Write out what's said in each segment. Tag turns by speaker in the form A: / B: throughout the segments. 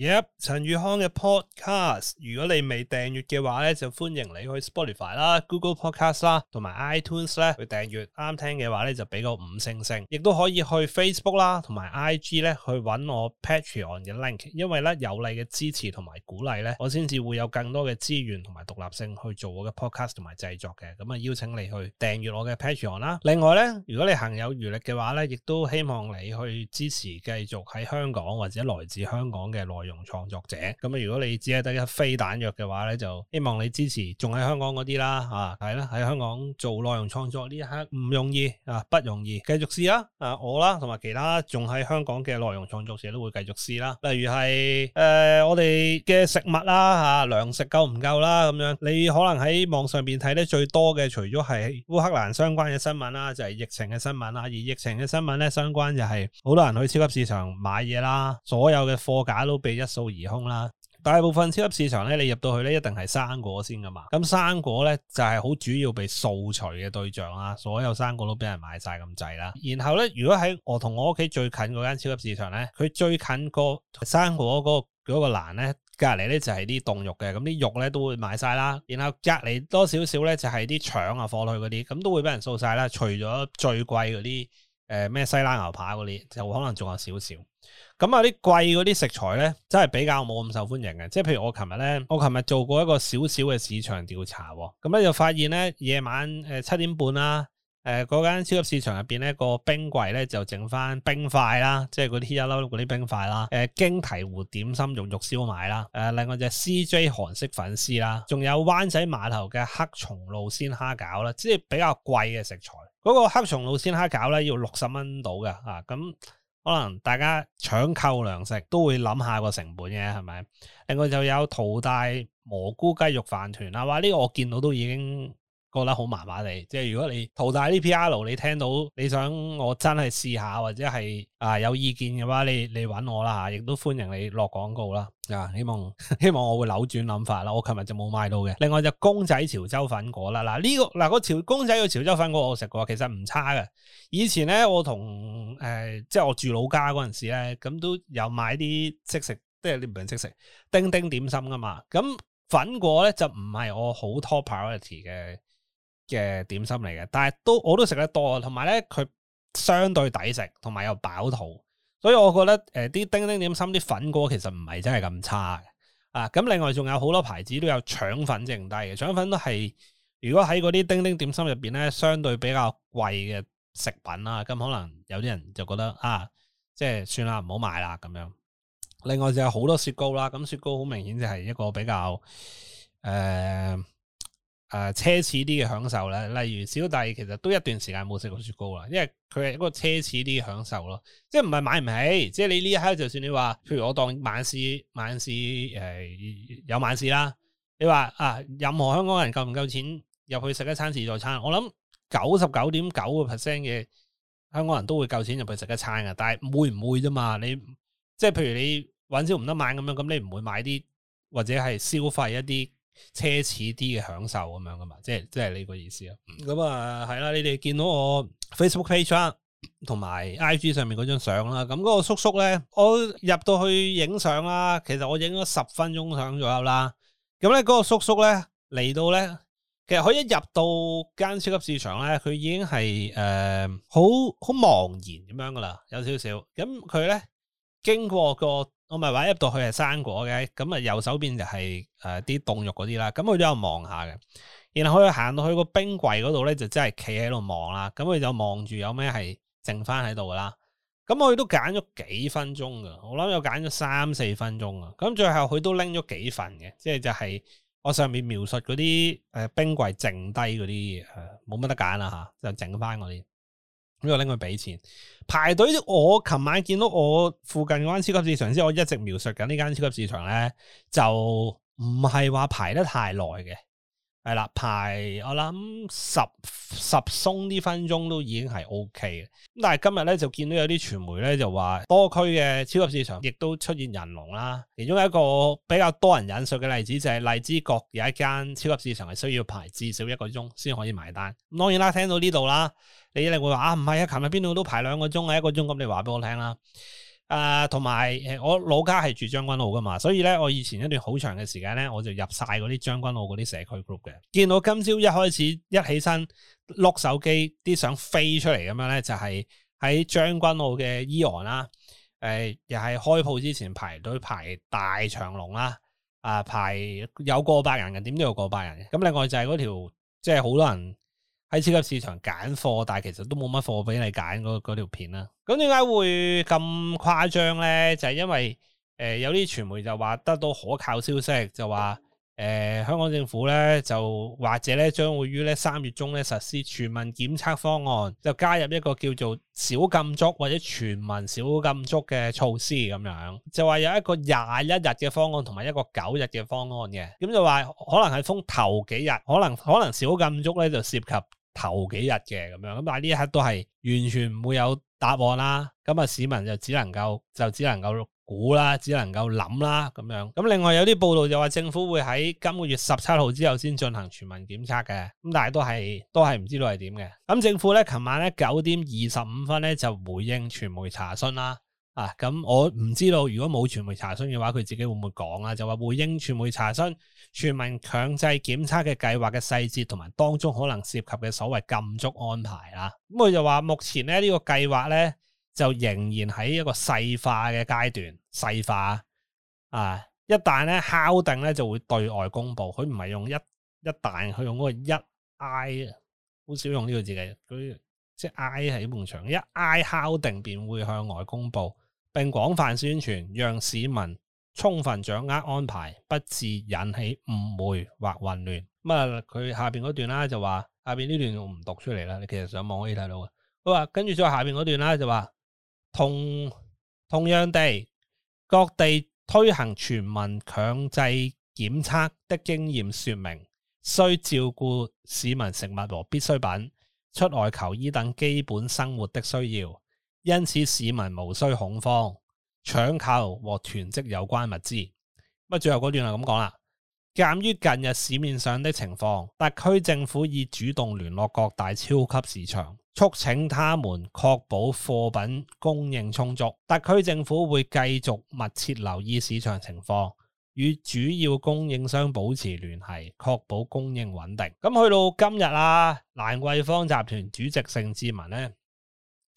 A: Yep，陳宇康嘅 podcast，如果你未訂閱嘅話咧，就歡迎你去 Spotify 啦、Google Podcast 啦，同埋 iTunes 咧去訂閱。啱聽嘅話咧，就俾個五星星。亦都可以去 Facebook 啦，同埋 IG 咧去搵我 Patreon 嘅 link。因為咧有你嘅支持同埋鼓勵咧，我先至會有更多嘅資源同埋獨立性去做我嘅 podcast 同埋製作嘅。咁啊，邀請你去訂閱我嘅 Patreon 啦。另外咧，如果你行有餘力嘅話咧，亦都希望你去支持繼續喺香港或者來自香港嘅內內容創作者咁啊。如果你只係得一非彈藥嘅話咧，就希望你支持仲喺香港嗰啲啦啊。係啦，喺香港做內容創作呢一刻唔容易啊，不容易，繼續試啦啊，我啦，同埋其他仲喺香港嘅內容創作者都會繼續試啦。例如係誒、呃、我哋嘅食物啦吓，啊、糧食夠唔夠啦咁樣？你可能喺網上邊睇得最多嘅，除咗係烏克蘭相關嘅新聞啦，就係、是、疫情嘅新聞啦。而疫情嘅新聞咧，相關就係好多人去超級市場買嘢啦，所有嘅貨架都被一掃而空啦！大部分超級市場咧，你入到去咧，一定係生果先噶嘛。咁生果咧就係、是、好主要被掃除嘅對象啦。所有生果都俾人買晒咁滯啦。然後咧，如果喺我同我屋企最近嗰間超級市場咧，佢最近個生果嗰個嗰個欄咧，隔離咧就係啲凍肉嘅。咁啲肉咧都會賣晒啦。然後隔離多少少咧就係啲腸啊、火腿嗰啲，咁都會俾人掃晒啦。除咗最貴嗰啲。誒咩、呃、西冷牛扒嗰啲，就可能仲有少少。咁啊啲貴嗰啲食材咧，真係比較冇咁受歡迎嘅。即係譬如我琴日咧，我琴日做過一個少少嘅市場調查，咁、嗯、咧就發現咧夜晚誒七點半啦、啊，誒、呃、嗰間超級市場入邊咧個冰櫃咧就剩翻冰塊啦，即係嗰啲一粒粒嗰啲冰塊啦。誒、呃、京提湖點心用肉燒賣啦。誒、呃、另外就 CJ 韓式粉絲啦，仲有灣仔碼頭嘅黑松露鮮蝦餃啦，即係比較貴嘅食材。嗰個黑松露鮮蝦餃呢，要六十蚊到嘅啊，咁、嗯、可能大家搶購糧食都會諗下個成本嘅，係咪？另外就有淘大蘑菇雞肉飯團啊，哇！呢、這個我見到都已經～覺得好麻麻地，即係如果你淘大呢 P.R. 你聽到你想我真係試下或者係啊有意見嘅話，你你揾我啦吓，亦都歡迎你落廣告啦啊！希望希望我會扭轉諗法啦。我琴日就冇買到嘅。另外就公仔潮州粉果啦，嗱、啊、呢、呢個嗱個、啊、潮公仔嘅潮州粉果我食過，其實唔差嘅。以前咧我同誒、呃、即係我住老家嗰陣時咧，咁都有買啲即食，即係呢種即食叮叮點心噶嘛。咁粉果咧就唔係我好 top priority 嘅。嘅點心嚟嘅，但係都我都食得多，同埋咧佢相對抵食，同埋又飽肚，所以我覺得誒啲叮叮點心啲粉粿其實唔係真係咁差啊！咁另外仲有好多牌子都有腸粉剩低嘅，腸粉都係如果喺嗰啲叮叮點心入邊咧，相對比較貴嘅食品啦，咁、啊、可能有啲人就覺得啊，即係算啦，唔好買啦咁樣。另外就有好多雪糕啦，咁、啊、雪糕好明顯就係一個比較誒。呃誒，奢侈啲嘅享受咧，例如小弟其實都一段時間冇食過雪糕啦，因為佢係一個奢侈啲嘅享受咯，即係唔係買唔起，即係你呢一刻，就算你話，譬如我當晚市晚市誒有晚市啦，你話啊，任何香港人夠唔夠錢入去食一餐自助餐？我諗九十九點九個 percent 嘅香港人都會夠錢入去食一餐㗎，但係會唔會啫嘛？你即係譬如你搵少唔得買咁樣，咁你唔會買啲或者係消費一啲。奢侈啲嘅享受咁樣噶嘛，即係即係呢個意思啊。咁啊，係、嗯、啦，你哋見到我 Facebook page 同埋 IG 上面嗰張相啦，咁、那、嗰個叔叔咧，我入到去影相啦，其實我影咗十分鐘左右啦。咁咧嗰個叔叔咧嚟到咧，其實佢一入到間超級市場咧，佢已經係誒好好茫然咁樣噶啦，有少少。咁佢咧經過個。我咪話入到去係生果嘅，咁啊右手邊就係誒啲凍肉嗰啲啦，咁佢都有望下嘅。然後佢行到去個冰櫃嗰度咧，就真係企喺度望啦。咁佢就望住有咩係剩翻喺度啦。咁佢都揀咗幾分鐘噶，我諗有揀咗三四分鐘啊。咁最後佢都拎咗幾份嘅，即係就係我上面描述嗰啲誒冰櫃剩低嗰啲嘢，冇乜得揀啦吓，就剩翻嗰啲。咁就拎佢俾錢排隊。我琴晚見到我附近嘅間超級市場，先我一直描述緊呢間超級市場咧，就唔係話排得太耐嘅。係啦，排我諗十十鬆啲分鐘都已經係 OK 嘅。咁但係今日咧就見到有啲傳媒咧就話多區嘅超級市場亦都出現人龍啦。其中有一個比較多人引述嘅例子就係荔枝角有一間超級市場係需要排至少一個鐘先可以埋單。當然啦，聽到呢度啦。你咧會話啊？唔係啊！琴日邊度都排兩個鐘啊，一個鐘咁，你話俾我聽啦。誒、呃，同埋誒，我老家係住將軍澳噶嘛，所以咧，我以前一段好長嘅時間咧，我就入晒嗰啲將軍澳嗰啲社區 group 嘅。見到今朝一開始一起身碌手機，啲相飛出嚟咁樣咧，就係喺將軍澳嘅 AEON 啦。誒、呃，又係開鋪之前排隊排大長龍啦、啊。啊，排有過百人嘅，點都有過百人嘅。咁另外就係嗰條，即係好多人。喺超級市場揀貨，但係其實都冇乜貨俾你揀嗰嗰條片啦。咁點解會咁誇張咧？就係、是、因為誒、呃、有啲傳媒就話得到可靠消息，就話誒、呃、香港政府咧就或者咧將會於咧三月中咧實施全民檢測方案，就加入一個叫做小禁足或者全民小禁足嘅措施咁樣。就話有一個廿一日嘅方案同埋一個九日嘅方案嘅。咁就話可能係封頭幾日，可能可能，可能小禁足咧就涉及。頭幾日嘅咁樣，咁但係呢一刻都係完全唔會有答案啦。咁啊，市民就只能夠就只能夠估啦，只能夠諗啦咁樣。咁另外有啲報道就話政府會喺今個月十七號之後先進行全民檢測嘅。咁但係都係都係唔知道係點嘅。咁政府咧，琴晚咧九點二十五分咧就回應傳媒查詢啦。啊，咁、嗯、我唔知道，如果冇傳媒查詢嘅話，佢自己會唔會講啊？就話回應傳媒查詢，全民強制檢測嘅計劃嘅細節同埋當中可能涉及嘅所謂禁足安排啦、啊。咁、嗯、佢就話目前咧呢個計劃咧就仍然喺一個細化嘅階段，細化啊！一旦咧敲定咧就會對外公布，佢唔係用一一旦，佢用嗰個一 I，好少用呢個字嘅，佢即係 I 係門牆，一 I 敲定便會向外公布。並廣泛宣傳，讓市民充分掌握安排，不致引起誤會或混亂。咁啊，佢下邊嗰段啦就話，下邊呢段我唔讀出嚟啦，你其實上網可以睇到嘅。佢話跟住再下邊嗰段啦就話，同同樣地，各地推行全民強制檢測的經驗說明，需照顧市民食物和必需品、出外求醫等基本生活的需要。因此，市民無需恐慌搶購和囤積有關物資。咁最後段係咁講啦。鑒於近日市面上的情況，特區政府已主動聯絡各大超級市場，促請他們確保貨品供應充足。特區政府會繼續密切留意市場情況，與主要供應商保持聯繫，確保供應穩定。咁去到今日啊，蘭桂坊集團主席盛智文呢。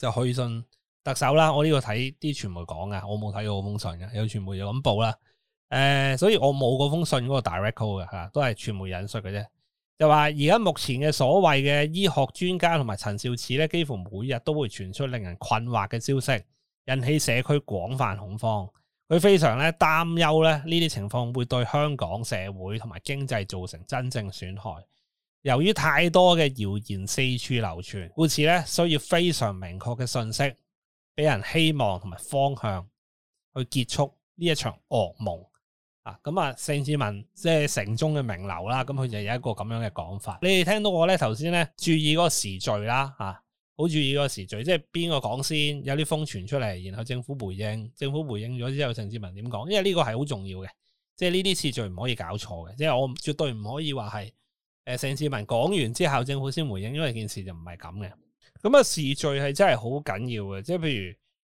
A: 就去信特首啦，我呢度睇啲傳媒講噶，我冇睇過封信噶，有傳媒就咁報啦。誒、呃，所以我冇嗰封信嗰、那個 direct call 嘅吓，都係傳媒引述嘅啫。就話而家目前嘅所謂嘅醫學專家同埋陳肇始咧，幾乎每日都會傳出令人困惑嘅消息，引起社區廣泛恐慌。佢非常咧擔憂咧呢啲情況會對香港社會同埋經濟造成真正損害。由於太多嘅謠言四處流傳，故此咧需要非常明確嘅信息，俾人希望同埋方向去結束呢一場噩夢。啊，咁、嗯、啊，盛智文即係城中嘅名流啦，咁、啊、佢、嗯、就有一個咁樣嘅講法。你哋聽到我咧頭先咧注意嗰個時序啦，啊，好注意嗰個時序，即係邊個講先，有啲瘋傳出嚟，然後政府回應，政府回應咗之後，盛智文點講？因為呢個係好重要嘅，即係呢啲次序唔可以搞錯嘅，即係我絕對唔可以話係。誒，鄭志、呃、文講完之後，政府先回應，因為件事就唔係咁嘅。咁、嗯、啊，時序係真係好緊要嘅，即係譬如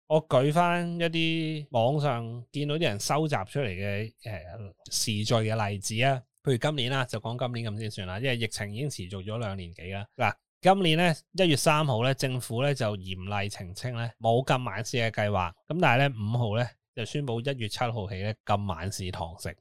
A: 我舉翻一啲網上見到啲人收集出嚟嘅誒時序嘅例子啊，譬如今年啦，就講今年咁先算啦，因為疫情已經持續咗兩年幾啦。嗱、啊，今年咧一月三號咧，政府咧就嚴厲澄清咧冇禁晚市嘅計劃，咁但係咧五號咧就宣佈一月七號起咧禁晚市堂食。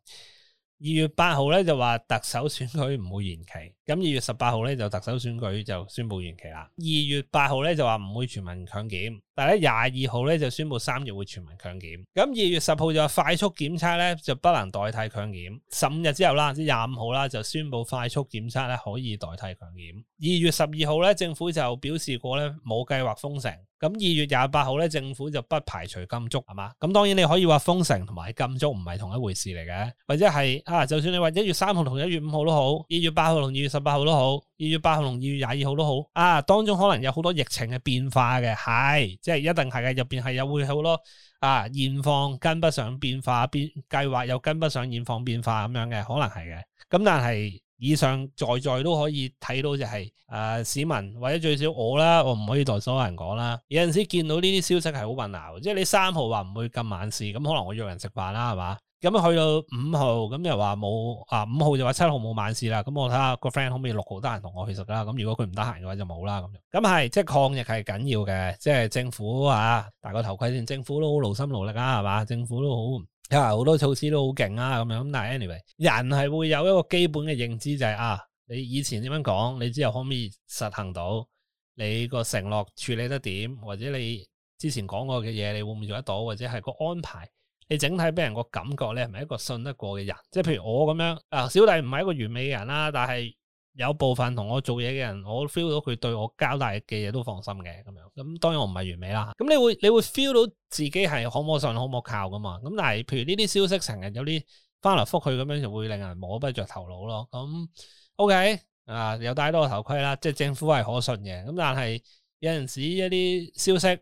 A: 二月八號咧就話特首選舉唔會延期，咁二月十八號咧就特首選舉就宣布延期啦。二月八號咧就話唔會全民強檢。但係咧，廿二號咧就宣布三月會全民強檢。咁二月十號就快速檢測咧就不能代替強檢。十五日之後啦，即係廿五號啦，就宣布快速檢測咧可以代替強檢。二月十二號咧，政府就表示過咧冇計劃封城。咁二月廿八號咧，政府就不排除禁足，係嘛？咁當然你可以話封城同埋禁足唔係同一回事嚟嘅，或者係啊，就算你話一月三號同一月五號都好，二月八號同二月十八號都好，二月八號同二月廿二號都好，啊，當中可能有好多疫情嘅變化嘅係。是即係一定係嘅，入邊係有會好多啊現況跟不上變化，變計劃又跟不上現況變化咁樣嘅可能係嘅。咁但係以上在在都可以睇到就係、是、誒、呃、市民或者最少我啦，我唔可以代所有人講啦。有陣時見到呢啲消息係好混淆，即係你三號話唔會咁晚市，咁可能我約人食飯啦，係嘛？咁去到五號，咁又話冇啊，五號就話七號冇晚市啦。咁我睇下個 friend 可唔可以六號得閒同我去食啦。咁如果佢唔得閒嘅話就，就冇啦咁。咁係即係抗疫係緊要嘅，即係政府啊，戴個頭盔先。政府都好勞心勞力啊，係嘛？政府都好，因為好多措施都好勁啊。咁樣，但係 anyway，人係會有一個基本嘅認知，就係，就係啊，你以前點樣講，你之後可唔可以實行到你個承諾處理得點，或者你之前講過嘅嘢，你會唔會做得到，或者係個安排。你整體俾人個感覺咧，係咪一個信得過嘅人？即係譬如我咁樣，啊，小弟唔係一個完美嘅人啦，但係有部分同我做嘢嘅人，我 feel 到佢對我交代嘅嘢都放心嘅咁樣。咁、嗯、當然我唔係完美啦。咁、嗯、你會你會 feel 到自己係可唔可信、可唔可靠噶嘛？咁但係譬如呢啲消息成日有啲翻來覆去咁樣，就會令人摸不着頭腦咯。咁、嗯、OK 啊，又戴多個頭盔啦，即係政府係可信嘅。咁但係有陣時一啲消息，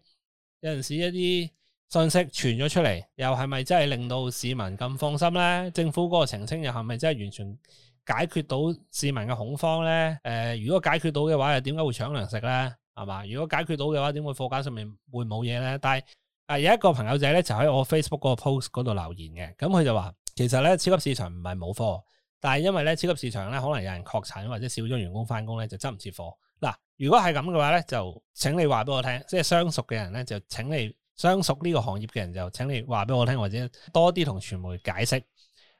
A: 有陣時一啲。信息傳咗出嚟，又係咪真係令到市民咁放心咧？政府嗰個澄清又係咪真係完全解決到市民嘅恐慌咧？誒、呃，如果解決到嘅話，又點解會搶糧食咧？係嘛？如果解決到嘅話，點會貨架上面會冇嘢咧？但係啊、呃，有一個朋友仔咧，就喺我 Facebook 嗰個 post 嗰度留言嘅，咁佢就話：其實咧，超級市場唔係冇貨，但係因為咧，超級市場咧，可能有人確診或者少咗員工翻工咧，就執唔切貨。嗱，如果係咁嘅話咧，就請你話俾我聽，即係相熟嘅人咧，就請你。相熟呢個行業嘅人就請你話俾我聽，或者多啲同傳媒解釋，誒、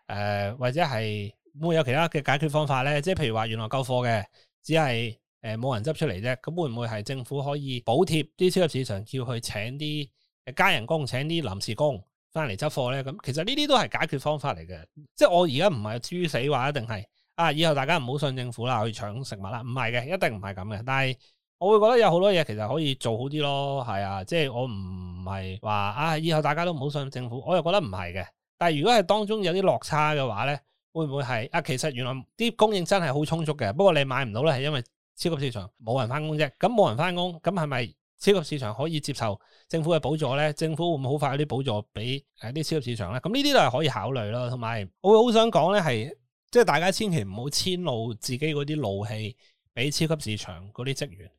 A: 呃，或者係會有其他嘅解決方法咧？即係譬如話原來夠貨嘅，只係誒冇人執出嚟啫，咁會唔會係政府可以補貼啲超級市場，叫佢請啲家人工，請啲臨時工翻嚟執貨咧？咁其實呢啲都係解決方法嚟嘅。即係我而家唔係豬死話，一定係啊！以後大家唔好信政府啦，去搶食物啦，唔係嘅，一定唔係咁嘅，但係。我會覺得有好多嘢其實可以做好啲咯，係啊，即係我唔係話啊，以後大家都唔好信政府，我又覺得唔係嘅。但係如果係當中有啲落差嘅話咧，會唔會係啊？其實原來啲供應真係好充足嘅，不過你買唔到咧係因為超級市場冇人翻工啫。咁冇人翻工，咁係咪超級市場可以接受政府嘅補助咧？政府會唔會好快有啲補助俾誒啲超級市場咧？咁呢啲都係可以考慮咯。同埋我會好想講咧係，即係大家千祈唔好遷怒自己嗰啲怒氣俾超級市場嗰啲職員。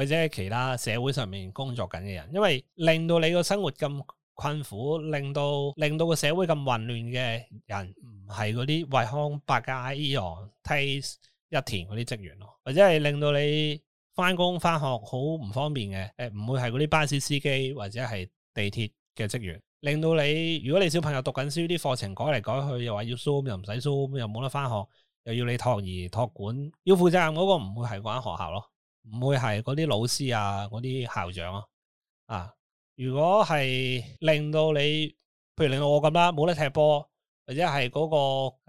A: 或者其他社會上面工作緊嘅人，因為令到你個生活咁困苦，令到令到個社會咁混亂嘅人，唔係嗰啲惠康、百佳、AEON、Taste、一田嗰啲職員咯，或者係令到你翻工翻學好唔方便嘅，誒唔會係嗰啲巴士司機或者係地鐵嘅職員，令到你如果你小朋友讀緊書，啲課程改嚟改去，又話要 Zoom 又唔使 Zoom，又冇得翻學，又要你托兒托管，要負責任嗰個唔會係嗰間學校咯。唔會係嗰啲老師啊，嗰啲校長咯、啊，啊！如果係令到你，譬如令到我咁啦，冇得踢波，或者係嗰、嗰個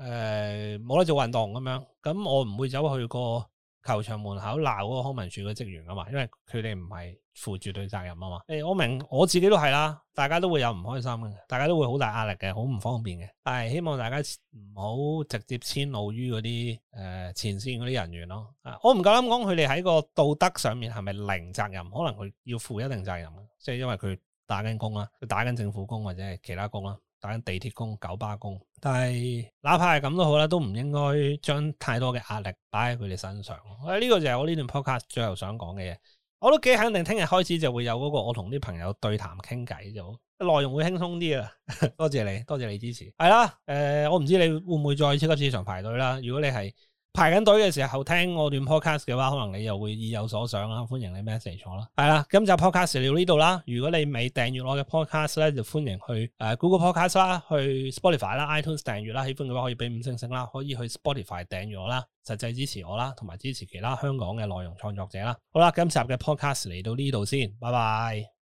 A: 誒冇、呃、得做運動咁樣，咁我唔會走去個。球場門口鬧嗰個康文署嘅職員啊嘛，因為佢哋唔係負絕對責任啊嘛。誒、欸，我明我自己都係啦，大家都會有唔開心嘅，大家都會好大壓力嘅，好唔方便嘅。但係希望大家唔好直接遷怒於嗰啲誒前線嗰啲人員咯、啊。我唔夠膽講佢哋喺個道德上面係咪零責任，可能佢要負一定責任，即、就、係、是、因為佢打緊工啦，佢打緊政府工或者係其他工啦。打緊地鐵工、九巴工，但係哪怕係咁都好啦，都唔應該將太多嘅壓力擺喺佢哋身上。呢、哎呢個就係我呢段 podcast 最後想講嘅嘢。我都幾肯定，聽日開始就會有嗰個我同啲朋友對談傾偈就好內容會輕鬆啲啦。 多謝你，多謝你支持。係啦，誒、呃，我唔知你會唔會再超級市場排隊啦。如果你係，排緊隊嘅時候聽我段 podcast 嘅話，可能你又會意有所想啦，歡迎你 message 我啦。係啦，咁 Pod 就 podcast 就到呢度啦。如果你未訂閱我嘅 podcast 咧，就歡迎去誒 Google Podcast 啦，去 Spotify 啦，iTunes 訂閱啦。喜歡嘅話可以俾五星星啦，可以去 Spotify 訂閱我啦，實際支持我啦，同埋支持其他香港嘅內容創作者啦。好啦，今集嘅 podcast 嚟到呢度先，拜拜。